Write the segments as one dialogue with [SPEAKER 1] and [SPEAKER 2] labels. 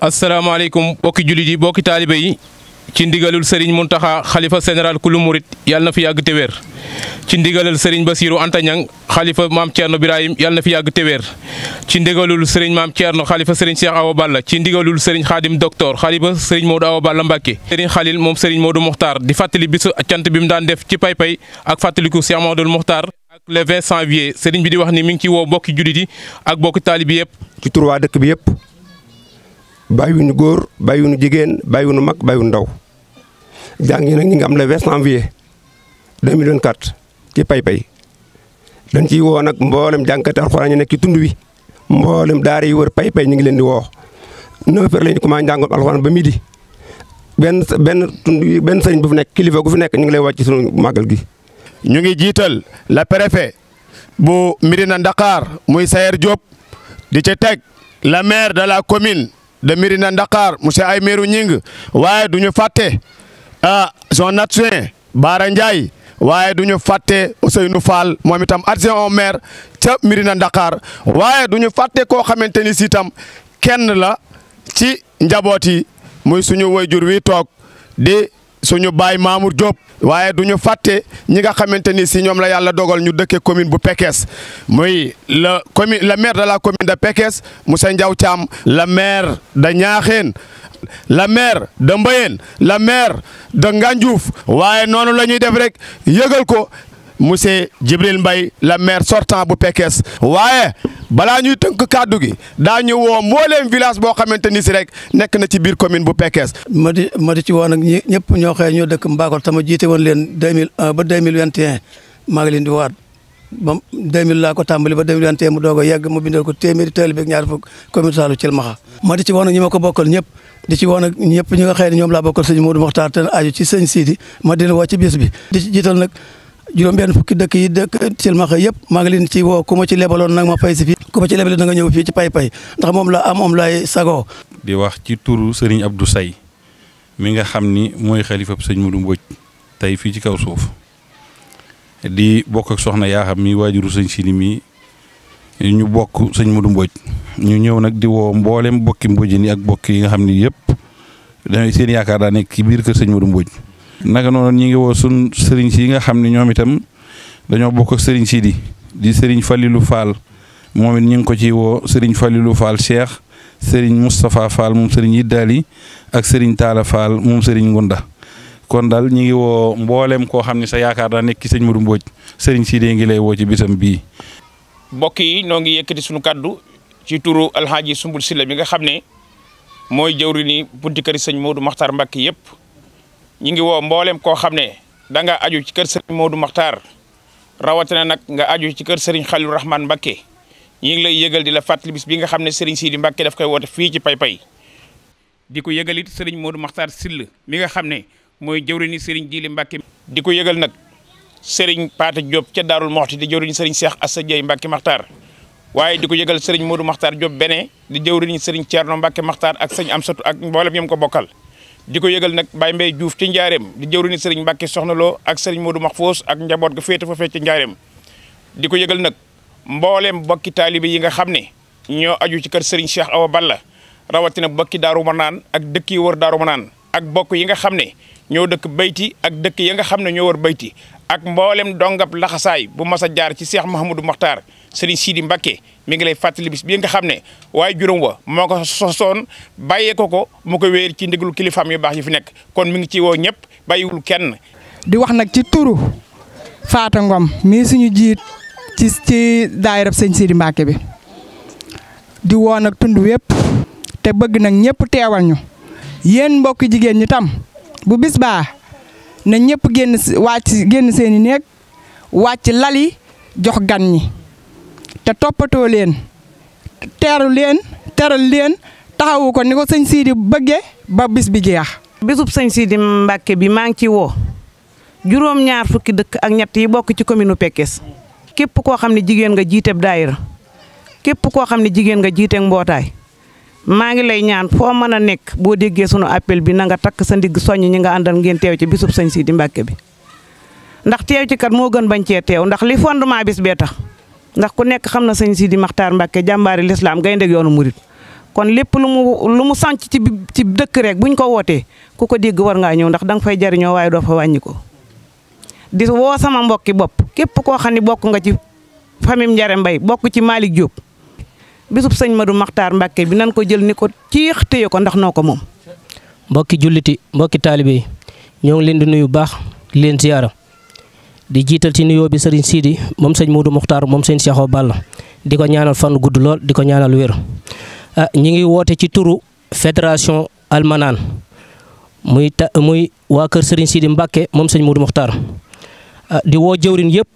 [SPEAKER 1] asalaamaaleykum bokki jullit yi bokki taalibe yi ci ndigalul Serigne Mountakha xalifa général kulu murit yàlla na fi yàgg te wér ci ndigalul Serigne Anta Niang xalifa maam Thierno Birahim yàlla na fi yàgg te wér ci ndigalul Serigne maam Thierno xalifa Serigne Cheikh Awa Balla ci ndigalul Serigne Khadim Docteur xalifa Serigne Modou Awa Balla Mbacke Serigne Khalil moom Serigne Modou Mokhtar di fàttali bisu cant bi mu daan def ci pay pay ak fàttaliku Cheikh Modou Mokhtar le 20 janvier sëriñ bi di wax ni mi ngi ci woo mbokki jullit yi ak mbokki taalib yi yëpp. ci tur waa dëkk bi yëpp
[SPEAKER 2] bàyyiwuñu góor bàyyiwuñu jigéen bàyyiwuñu mag bàyyiwuñu ndaw jàng yi nag ñu ngi am le 20 janvier 2024 ci pay-pay dañ ciy woo nag mboolem jànkate alxuraan ñu nekk ci tund wi mboolem daar yi wër pay-pay ñu ngi leen di woo. neuf heures la ñu commencé njàngoon alxuraan ba midi benn benn tund benn sëriñ bu fi nekk kilifa gu fi nekk ñu ngi lay wàcc sunu màggal gi. ñu ngi jiital la préfet bu Mirina Ndakar muy Sayer Diop di ci teg la maire de la commune de Mirina Ndakar ay Aymerou Gningue waaye du ñu fàtte ah son adjoint Bara Ndiaye waaye du ñu fàtte Ousseynou Fall moom itam adjoint au maire ca Mirina Ndakar waaye du ñu fàtte koo xamante ni siitam kenn la ci njaboot yi muy suñu waajur wi toog di. suñu baay Mamour Diop waaye du ñu fàtte ñi nga xamante ni si ñoom la yàlla dogal ñu dëkkee commune bu Pekes muy le commune le maire de la commune de Pekes Moussa Ndiaw Thiam le maire de Niakhène la maire de Mbayeen la maire de Ngandiouf waaye noonu la ñuy def rek yëgal ko monsieur Djibril mbay le maire sortant bu Pekes waaye
[SPEAKER 3] balaa ñuy tënk kàddu gi daa ñu woo mbooleem village boo xamante ni si rek nekk na ci biir commune bu Pekes. ma di ma di ci woo nag ñi ñëpp ñoo xëy ñoo dëkk Mbakol tama jiite woon leen deux mille euh, ba deux mille ngi leen di waat ba deux laa ko tàmbali ba mu doog a yegg mu bindal ko téeméeri teel bi ak ñaar fukk commune Saalu Cilmaxa. ma di ci woo nag ñi ma ko bokkal ñëpp di nga xëy ne ñoom laa bokkal sëñ Modou Mokhtar te aju ci sëñ Sidi ma di la ci bis bi di ci jiital nag. juróom ben fukki dekk yi dëkk xey yep ma ngi len ci wo kuma ma ci lebalon nak ma fay ci fi kuma ma ci lebaloon da nga ñew fi ci pay-pay ndax mom la am mom lay sago
[SPEAKER 2] di wax ci turu serigne Abdou Say mi nga xamni moy khalifa serigne mudum Modou tay fi ci kaw suuf di bok ak soxna ya xam mi wajuru serigne Sidi mi ñu bok serigne mudum Mbodj ñu ñew nak di wo mbollem bokki mbojini ak bokki nga xam ni yëpp seen yaakaar da nek ci biir ke serigne mudum naka noonu ñi ngi woo sun sëriñ si yi nga xam ne ñoom itam dañoo bokk ak sëriñ Sidi di sëriñ falilu Fall moom it ñu ngi ko ci woo sëriñ Falilou Fall Cheikh sëriñ Moustapha Fall moom sëriñ Yiddaali ak sëriñ taala Fall moom sëriñ Ngunda kon daal ñu ngi woo mboolem koo xam ne sa yaakaar daa nekk ci sëñ Modou Mbodj sëriñ Sidi ngi lay woo ci bisam bii. mbokk yi noo ngi yëkkati suñu kaddu ci turu Alxaaji Sumbul Silla bi nga xam ne mooy jëwri ni bunti këri sëñ Modou Makhtar Mbacke yëpp. ñi ngi woo mbooleem koo xam ne da nga aju ci kër sëriñ Modou Makhtar rawatina nag nga aju ci kër sëriñ Khalilou Rahman Mbacké ñi ngi lay yëgal di la fàttali bis bi nga xam ne sëriñ Sidi Mbacké daf koy woote fii ci pay-pay di ko yëgal it sëriñ Modou Makhtar Sill mi nga xam ne mooy jëwriñu sëriñ Jili Mbacké di ko yëgal nag sëriñ Pate Diop ca Daarul Moxti di jëwriñu sëriñ Cheikh Assa Dieye Mbacké Makhtar waaye di ko yëgal sëriñ Modou Makhtar Diop bene di jëwriñu sëriñ Thierno Mbacké Makhtar ak sëñ Amsatou ak mboolem ñoom ko bokkal di ko yëgal nag mbay Mbaye Diouf ci njaareem di jëwriñu Serigne Mbacke Soxna Lo ak Serigne Modou Mahfous ak njaboot ga féete foofee ci njaareem di ko yëgal nag mbooleem bokki taalibe yi nga xam ne ñoo aju ci kër Serigne Cheikh Awa Balla rawatina bokki Daaru naan ak dëkk yi wër Daaru Manaan ak bokk yi nga xam ne ñoo dëkk bayti ak dëkk yi nga xam ne ñoo wër bayti ak mboolem dongab laxasaay bu mas a jaar ci Cheikh Mahamadou Mokhtar Serigne Sidi Mbacke mi ngi lay fàttali bis bi nga xam ne waaye juróom wa moo ko sosoon bàyyee ko ko mu ko wéer ci ndigalu kilifaam yu baax yi fi nekk kon mu ngi ci woo ñëpp bàyyiwul kenn.
[SPEAKER 3] di wax nag ci turu Faata Ngom mii suñu jiit ci ci daayirab sëñ Sidi Mbacke bi di woo tund wépp te bëgg nag ñëpp teewal ñu yéen mbokk jigéen ñi tam bu bis baa na ñëpp génn wàcc génn seen i néeg wàcc lali jox gan ñi. te topato len teru len teral len taxawu ko niko ko Sidi beugé ba bis bi jeex. bisub sëñ Sidi mbacké bi mang ci wo jurom ñaar fukki dekk ak ñatt yi bok ci commune Pekes kep ko xamni jigen nga jiiteb daayira kep ko xamni jigen nga nga ak mbotay ma ngi lay ñaan fo mën nek bo déggé suñu appel bi na nga tak sa ndig soñ ñi nga andal ngeen teew ci bisub sëñ Sidi mbacké bi ndax teew ci kat mo gën bañ ci teew ndax li fondement bis bee tax. ndax ku nekk xam na sëñ sii di Maxtaar Mbàkke jàmbaari lislaam gayndeg yoonu murit kon lépp lu mu lu mu sànc ci ci dëkk rek buñ ko wootee ku ko dégg war ngaa ñëw ndax danga fay jariñoo waaye doo fa wàññi ko di woo sama mbokki bopp képp koo xam ne bokk nga ci famille Njare Mbay bokk ci Malick Diop bisub sëñ Madu Maxtaar Mbàkke bi nan ko jël ni ko ciix téye ko ndax noo ko moom mbokki julliti mbokki taalibe yi ñoo ngi leen di nuyu baax leen siyaara di jiital ci nuyoo bi sëriñ Sidi moom sëñ Modou Muxtaar moom sëñ Seexoo Balla di ko ñaanal fan gudd lool di ko ñaanal wér ah, ñi ngi woote ci turu fédération almanaan muy ta muy waa kër sëriñ Sidi Mbàkke moom sëñ Modou Muxtaar ah, di woo jëwrin yëpp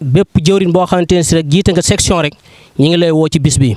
[SPEAKER 3] bépp jëwrin boo xamante ne si rek jiite nga section rek ñi ngi lay woo ci bis bi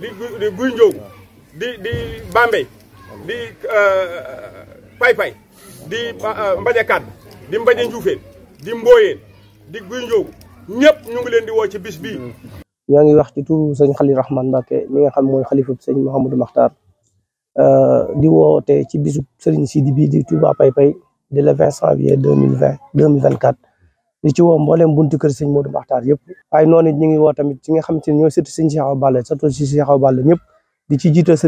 [SPEAKER 2] di di Guy Ndiogu di di euh, di Pay Pay di euh, Mbadia Kane di Mbadia Ndioufène di Mboyeen di Guy Ndiogu ñëpp ñu leen di woo ci bis bii.
[SPEAKER 3] ñoo ngi wax ci turu sëñ Khalil Rahman Mbacké mi nga xam mooy xalifab sëñ Mouhamadou Makhtar euh, di te ci bisu Serigne Sidi bii di Touba Pay Pay di le 20 janvier deux mille vingt deux mille vingt quatre di ci woo mbooleem buntu kër sëñ Modou Makhtar yëpp waaye noonu it woo tamit ci nga xamante ne ñoo sëtu sëñ Cheikh Awa Balla surtout si Cheikh Awa Balla ñëpp di ci jiital ko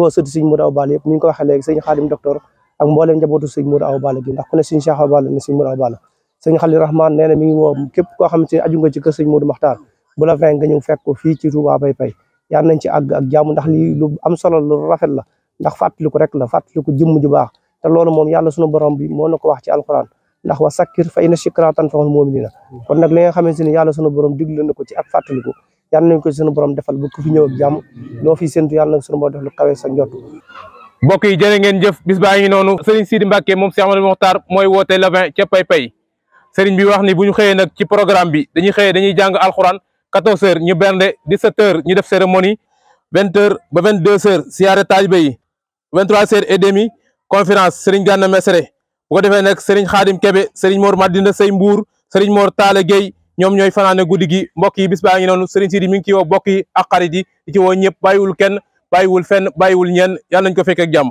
[SPEAKER 3] waxee léegi Khadim docteur ak mbooleem njabootu sëñ Modou Awa Balla gi ndax ku ne sëñ Cheikh Awa Balla ne sëñ Rahman nee na mi woo képp koo xamante ne aju nga ci kër sëñ Modou Makhtar bu la fay nga ci Touba Pay Pay yaan nañ ci ak jàmm ndax lii lu am solo lu rafet la ndax fàttaliku rek la fàttaliku jëmm ju baax te loolu moom yàlla sunu borom bi moo na ko wax ci alquran ndax wa sakkir fa inna shikra tanfa'ul kon nag li nga xamante ni yàlla sunu borom digle na ko ci ak fàttaliku yàlla nañ ko sunu borom defal ba ku fi ñëw ak jàmm loo fi séntu yàlla nag sunu borom def lu kawe sa njott
[SPEAKER 1] mbokk yi jërë ngeen jëf bis baa ngi noonu Serigne Sidi Mbacke moom Cheikh Amadou Mokhtar mooy woote le vingt ca pay bi wax ni bu ñu xëyee nag ci programme bi dañuy xëyee dañuy jàng alxuraan 14 heures ñu bernde 17 heures ñu def cérémonie 20 heures ba 22 heures siyaare taalibe yi 23 heures et conférence Serigne Gana Messere bu ko defee nag Serigne Khadim Kebe Serigne Mor Madina Sey Mbour Serigne Mor Taale Gueye ñoom ñooy fanaane guddi gi mbokk yi bis baa ngi noonu Serigne Sidi mi ngi ci woo mbokk yi ak xarit yi di ci woo ñëpp bàyyiwul kenn bàyyiwul fenn bàyyiwul ñenn yàlla nañ ko fekk ak jàmm